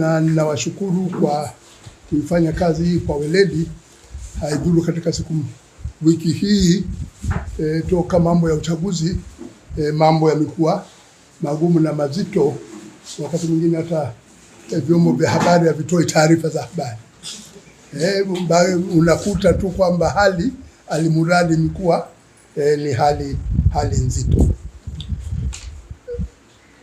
na ninawashukuru kwa kuifanya kazi hii kwa weledi, haidhuru katika siku wiki hii e, toka mambo ya uchaguzi e, mambo yamekuwa magumu na mazito, wakati mwingine hata e, vyombo vya habari havitoi taarifa za habari e, unakuta tu kwamba hali alimuradi imekuwa e, ni hali hali nzito.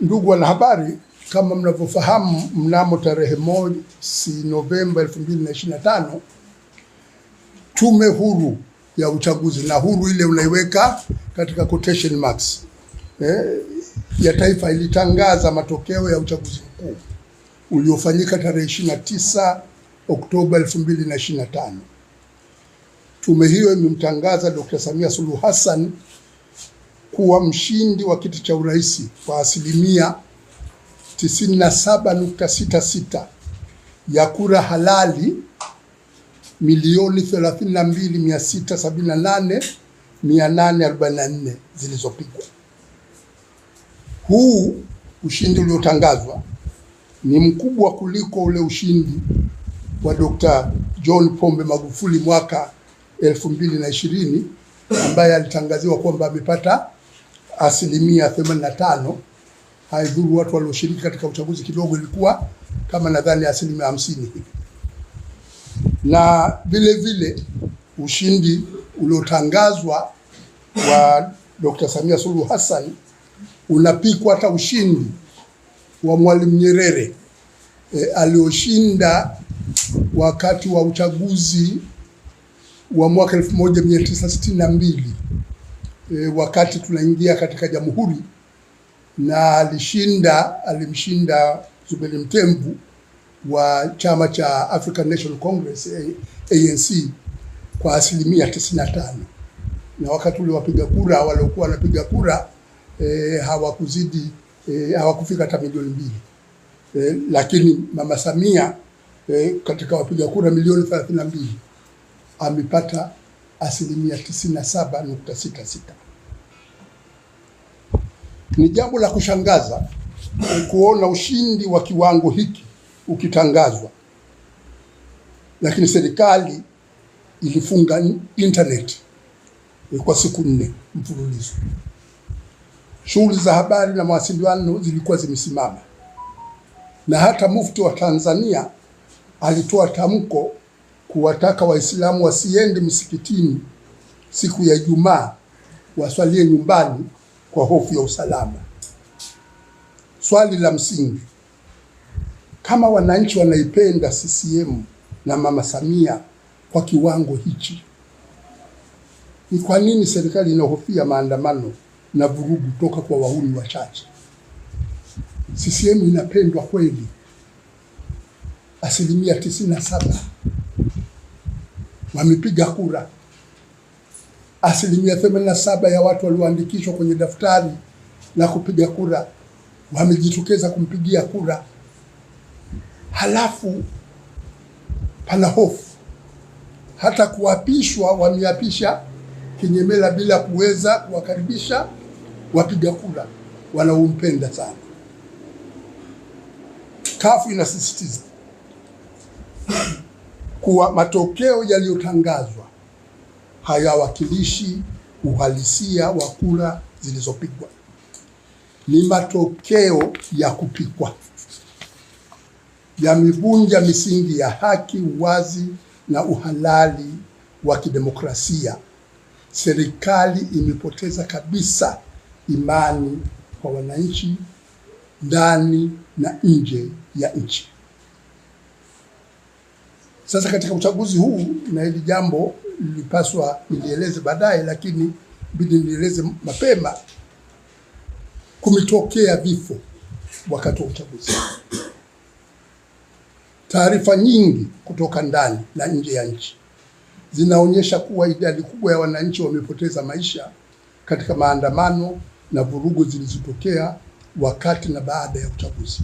Ndugu wanahabari, kama mnavyofahamu, mnamo tarehe mosi Novemba 2025 tume huru ya uchaguzi, na huru ile unaiweka katika quotation marks, eh, ya taifa ilitangaza matokeo ya uchaguzi mkuu uliofanyika tarehe 29 Oktoba 2025. Tume hiyo imemtangaza Dr. Samia Suluhu Hassan kuwa mshindi wa kiti cha urais kwa asilimia 97.66 ya kura halali milioni 32,678,844 zilizopigwa. Huu ushindi uliotangazwa ni mkubwa kuliko ule ushindi wa Dr. John Pombe Magufuli mwaka 2020 ambaye alitangaziwa kwamba amepata asilimia 85 haidhuru watu walioshiriki katika uchaguzi kidogo, ilikuwa kama nadhani asilimia hamsini hivi, na vile vile ushindi uliotangazwa wa Dr. Samia Suluhu Hassan unapikwa hata ushindi wa Mwalimu Nyerere e, alioshinda wakati wa uchaguzi wa mwaka 1962 e, wakati tunaingia katika jamhuri na alishinda alimshinda Zuberi Mtembu wa chama cha African National Congress ANC kwa asilimia 95, na wakati ule wapiga kura waliokuwa wanapiga kura e, hawakuzidi e, hawakufika hata milioni mbili e, lakini Mama Samia e, katika wapiga kura milioni 32 amepata asilimia 97.66. Ni jambo la kushangaza kuona ushindi wa kiwango hiki ukitangazwa, lakini serikali ilifunga internet kwa siku nne mfululizo. Shughuli za habari na mawasiliano zilikuwa zimesimama, na hata mufti wa Tanzania alitoa tamko kuwataka Waislamu wasiende msikitini siku ya Ijumaa, waswalie nyumbani kwa hofu ya usalama. Swali la msingi, kama wananchi wanaipenda CCM na Mama Samia kwa kiwango hichi, ni kwa nini serikali inahofia maandamano na vurugu toka kwa wahuni wachache? CCM inapendwa kweli asilimia tisini na saba wamepiga kura asilimia 87 ya watu walioandikishwa kwenye daftari la kupiga kura wamejitokeza kumpigia kura, halafu pana hofu hata kuapishwa, wameapisha kinyemela bila kuweza kuwakaribisha wapiga kura wanaompenda sana. Kafu inasisitiza kuwa matokeo yaliyotangazwa hayawakilishi uhalisia wa kura zilizopigwa, ni matokeo ya kupikwa, yamevunja misingi ya haki, uwazi na uhalali wa kidemokrasia. Serikali imepoteza kabisa imani kwa wananchi ndani na nje ya nchi. Sasa katika uchaguzi huu, na hili jambo nilipaswa nilieleze baadaye, lakini bidi nieleze mapema. Kumetokea vifo wakati wa uchaguzi, taarifa nyingi kutoka ndani na nje ya nchi zinaonyesha kuwa idadi kubwa ya wananchi wamepoteza maisha katika maandamano na vurugu zilizotokea wakati na baada ya uchaguzi.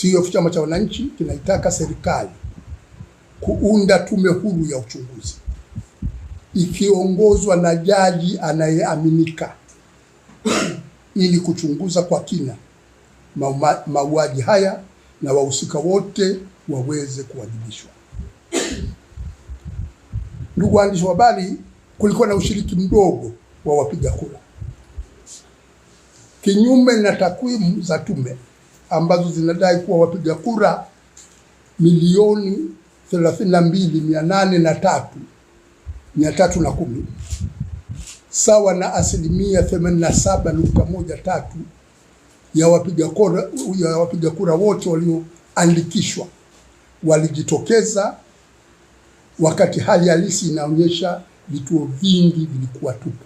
CUF, e chama cha wananchi, kinaitaka serikali kuunda tume huru ya uchunguzi ikiongozwa na jaji anayeaminika ili kuchunguza kwa kina mauaji haya na wahusika wote waweze kuwajibishwa. Ndugu waandishi wa habari, kulikuwa na ushiriki mdogo wa wapiga kura, kinyume na takwimu za tume ambazo zinadai kuwa wapiga kura milioni thelathini na mbili mia nane na tatu mia tatu na kumi sawa na asilimia themanini na saba nukta moja tatu ya wapiga kura, ya wapiga kura wote walioandikishwa walijitokeza, wakati hali halisi inaonyesha vituo vingi vilikuwa tupu.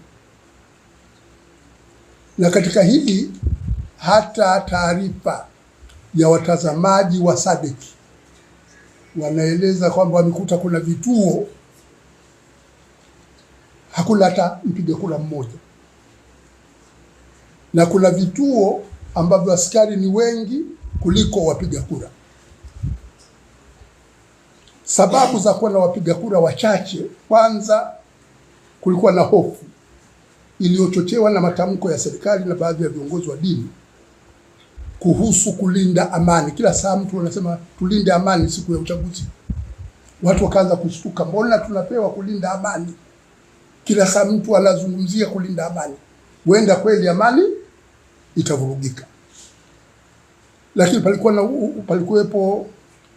Na katika hili hata taarifa ya watazamaji wa sadiki wanaeleza kwamba wamekuta kuna vituo hakuna hata mpiga kura mmoja, na kuna vituo ambavyo askari ni wengi kuliko wapiga kura. Sababu za kuwa na wapiga kura wachache, kwanza kulikuwa na hofu iliyochochewa na matamko ya serikali na baadhi ya viongozi wa dini kuhusu kulinda amani. Kila saa mtu anasema tulinde amani siku ya uchaguzi, watu wakaanza kushtuka, mbona tunapewa kulinda amani? Kila saa mtu anazungumzia kulinda amani. Huenda kweli amani itavurugika, lakini palikuwa na palikuwepo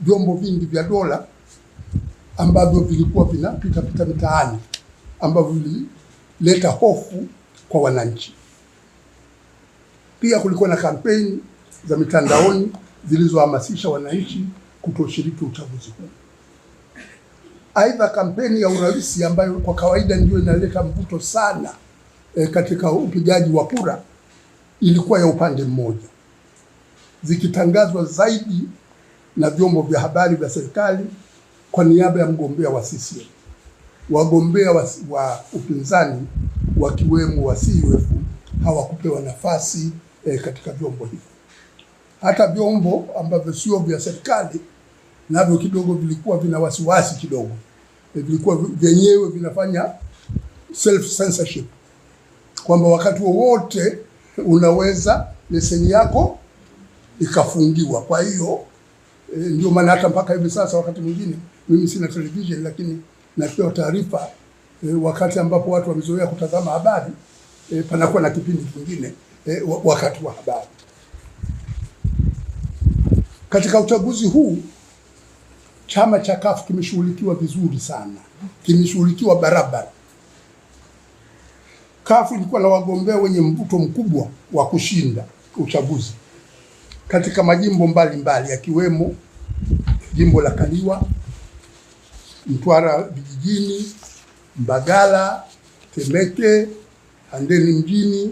vyombo vingi vya dola ambavyo vilikuwa vinapitapita mitaani ambavyo vilileta hofu kwa wananchi. Pia kulikuwa na kampeni za mitandaoni zilizohamasisha wananchi kutoshiriki uchaguzi huu. Aidha, kampeni ya urais ambayo kwa kawaida ndio inaleta mvuto sana e, katika upigaji wa kura ilikuwa ya upande mmoja, zikitangazwa zaidi na vyombo vya habari vya serikali kwa niaba ya mgombea wa CCM, wagombea wa, wa upinzani wakiwemo wa CUF hawakupewa nafasi e, katika vyombo hivyo hata vyombo ambavyo sio vya serikali navyo kidogo vilikuwa vina wasiwasi kidogo, e, vilikuwa vyenyewe vinafanya self censorship, kwamba wakati wowote unaweza leseni yako ikafungiwa. Kwa hiyo e, ndio maana hata mpaka hivi sasa wakati mwingine mimi sina television, lakini napewa taarifa e, wakati ambapo watu wamezoea kutazama habari e, panakuwa na kipindi kingine e, wakati wa habari katika uchaguzi huu chama cha kafu kimeshughulikiwa vizuri sana, kimeshughulikiwa barabara. kafu ilikuwa na wagombea wenye mvuto mkubwa wa kushinda uchaguzi katika majimbo mbalimbali yakiwemo mbali, jimbo la Kaliwa, Mtwara vijijini, Mbagala, Temeke, Handeni mjini,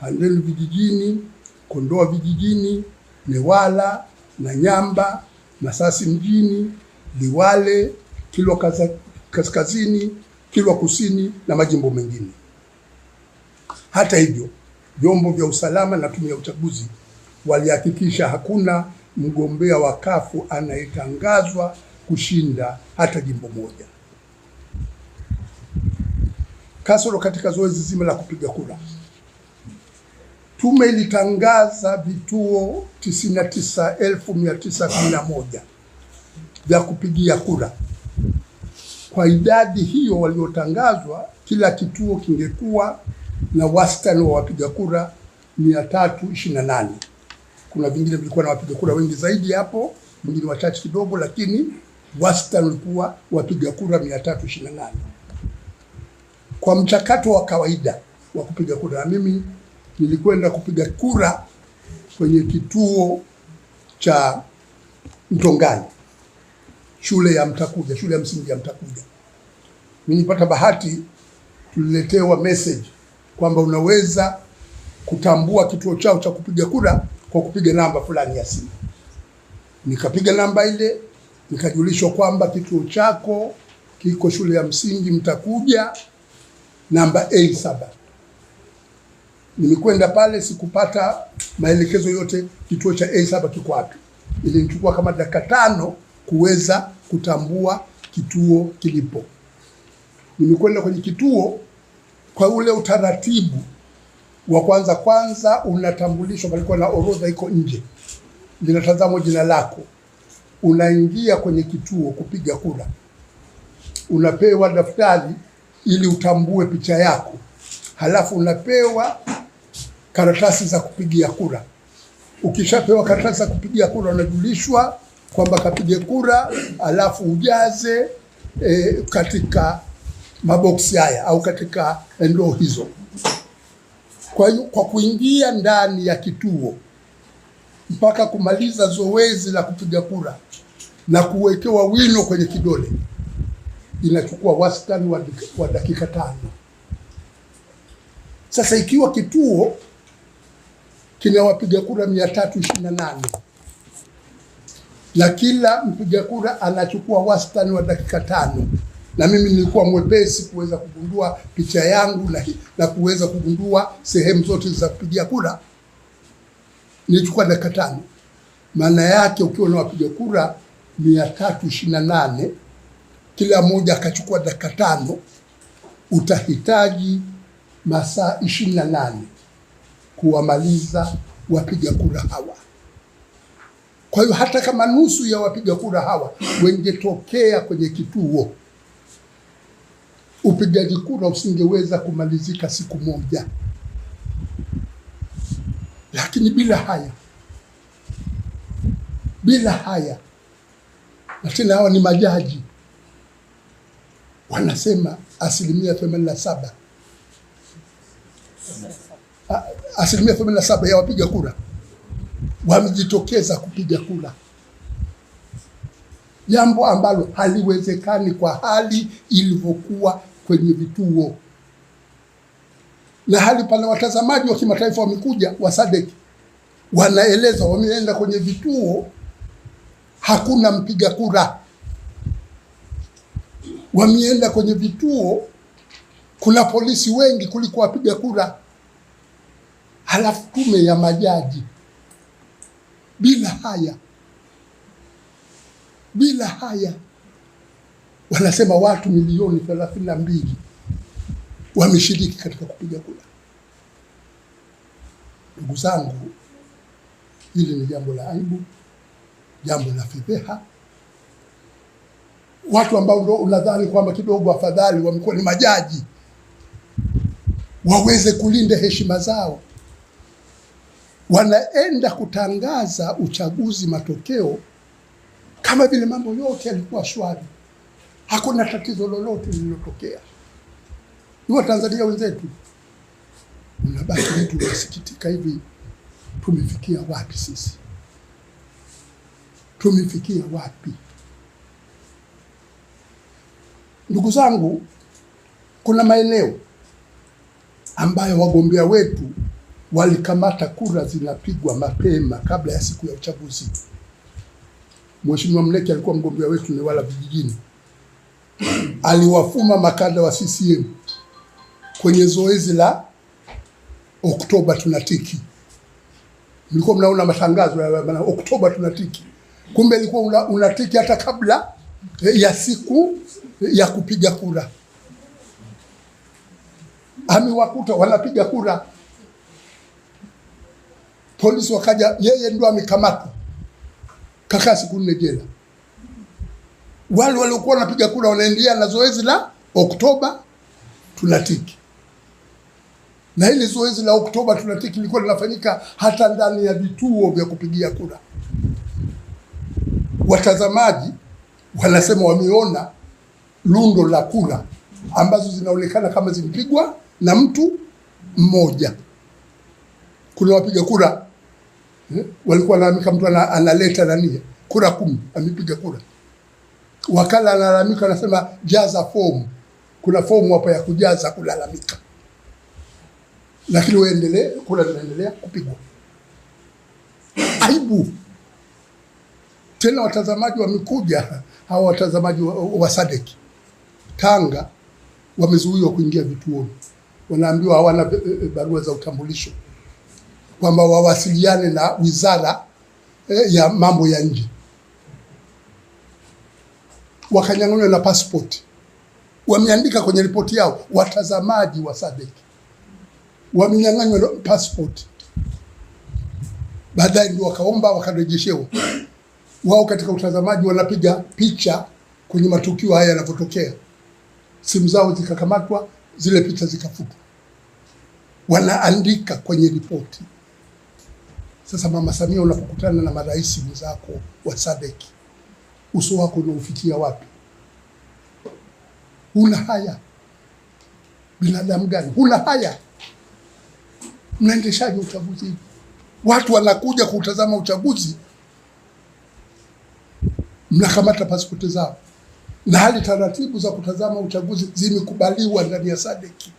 Handeni vijijini, Kondoa vijijini, Newala na nyamba Masasi mjini, Liwale, Kilwa kaskazini, Kilwa kusini na majimbo mengine. Hata hivyo, vyombo vya usalama na tume ya uchaguzi walihakikisha hakuna mgombea wa kafu anayetangazwa kushinda hata jimbo moja. Kasoro katika zoezi zima la kupiga kura Tume ilitangaza vituo 99,911 vya kupigia kura. Kwa idadi hiyo waliotangazwa, kila kituo kingekuwa na wastani wa wapiga kura 328. Kuna vingine vilikuwa na wapiga kura wengi zaidi hapo, vingine wachache kidogo, lakini wastani ulikuwa wapiga kura 328 kwa mchakato wa kawaida wa kupiga kura. Mimi nilikwenda kupiga kura kwenye kituo cha Mtongani, shule ya Mtakuja, shule ya msingi ya Mtakuja. Nilipata bahati, tuliletewa message kwamba unaweza kutambua kituo chao cha kupiga kura kwa kupiga namba fulani ya simu. Nikapiga namba ile, nikajulishwa kwamba kituo chako kiko shule ya msingi Mtakuja, namba A Nilikwenda pale sikupata maelekezo yote, kituo cha A7 kiko wapi. Ilinichukua kama dakika tano kuweza kutambua kituo kilipo. Nimekwenda kwenye kituo kwa ule utaratibu wa kwanza kwanza, unatambulishwa, palikuwa na orodha iko nje, linatazamwa jina lako, unaingia kwenye kituo kupiga kura, unapewa daftari ili utambue picha yako, halafu unapewa karatasi za kupigia kura. Ukishapewa karatasi za kupigia kura, unajulishwa kwamba kapige kura, alafu ujaze e, katika maboksi haya au katika ndoo hizo. Kwa hiyo kwa kuingia ndani ya kituo mpaka kumaliza zoezi la kupiga kura na kuwekewa wino kwenye kidole inachukua wastani wa dakika tano. Sasa ikiwa kituo kina wapiga kura 328 na na kila mpiga kura anachukua wastani wa dakika tano na mimi nilikuwa mwepesi kuweza kugundua picha yangu na, na kuweza kugundua sehemu zote za kupigia kura. Nilichukua dakika tano. Maana yake ukiwa na wapiga kura mia tatu ishirini na nane kila mmoja akachukua dakika tano, utahitaji masaa ishirini na nane kuwamaliza wapiga kura hawa. Kwa hiyo hata kama nusu ya wapiga kura hawa wengetokea kwenye kituo, upigaji kura usingeweza kumalizika siku moja. Lakini bila haya, bila haya, na tena hawa ni majaji wanasema asilimia themanini na saba asilimia themanini na saba ya wapiga kura wamejitokeza kupiga kura, jambo ambalo haliwezekani kwa hali ilivyokuwa kwenye vituo na hali pana. Watazamaji wa kimataifa wamekuja wa Sadek wanaeleza, wameenda kwenye vituo, hakuna mpiga kura. Wameenda kwenye vituo, kuna polisi wengi kuliko wapiga kura halafu tume ya majaji bila haya, bila haya, wanasema watu milioni thelathini na mbili wameshiriki katika kupiga kura. Ndugu zangu, hili ni jambo la aibu, jambo la fedheha. Watu ambao ndo unadhani kwamba kidogo afadhali wamekuwa ni majaji waweze kulinda heshima zao wanaenda kutangaza uchaguzi matokeo kama vile mambo yote yalikuwa shwari, hakuna tatizo lolote lililotokea. iwa tanzania wenzetu, mnabaki mtu nasikitika hivi, tumefikia wapi sisi? Tumefikia wapi? Ndugu zangu, kuna maeneo ambayo wagombea wetu walikamata kura zinapigwa mapema kabla ya siku ya uchaguzi. Mheshimiwa Mleki alikuwa mgombea wetu ni wala vijijini, aliwafuma makada wa CCM kwenye zoezi la Oktoba tunatiki. Mlikuwa mnaona matangazo ya bana Oktoba tunatiki, kumbe ilikuwa una, unatiki hata kabla ya siku ya kupiga kura, amewakuta wanapiga kura polisi wakaja, yeye ndo amekamatwa, kakaa siku nne jela. Wale waliokuwa wanapiga kura wanaendelea na zoezi la Oktoba tunatiki, na hili zoezi la Oktoba tunatiki lilikuwa linafanyika hata ndani ya vituo vya kupigia kura. Watazamaji wanasema wameona lundo la kura ambazo zinaonekana kama zimpigwa na mtu mmoja. Kuna wapiga kura Eh? walikuwa lalamika mtu analeta nani kura kumi amepiga kura, wakala analalamika, anasema jaza fomu, kuna fomu hapa ya kujaza kulalamika, lakini uendelee kura zinaendelea kupigwa. Aibu tena, watazamaji wamekuja hawa watazamaji wa, wa Sadeki Tanga wamezuiwa kuingia vituoni, wanaambiwa hawana eh, eh, barua za utambulisho kwamba wawasiliane na wizara eh, ya mambo ya nje. Wakanyang'anywa na passport, Wameandika kwenye ripoti yao watazamaji wa SADC wamenyang'anywa passport. baadaye ndio wakaomba wakarejeshewa. Wao katika utazamaji wanapiga picha kwenye matukio haya yanavyotokea, simu zao zikakamatwa, zile picha zikafutwa, wanaandika kwenye ripoti. Sasa Mama Samia, unapokutana na marais wenzako wa SADC, uso wako unaufikia wapi? Huna haya binadamu gani? Huna haya? Mnaendeshaje uchaguzi? Watu wanakuja kutazama uchaguzi, mnakamata pasipoti zao, na hali taratibu za kutazama uchaguzi zimekubaliwa ndani ya SADC.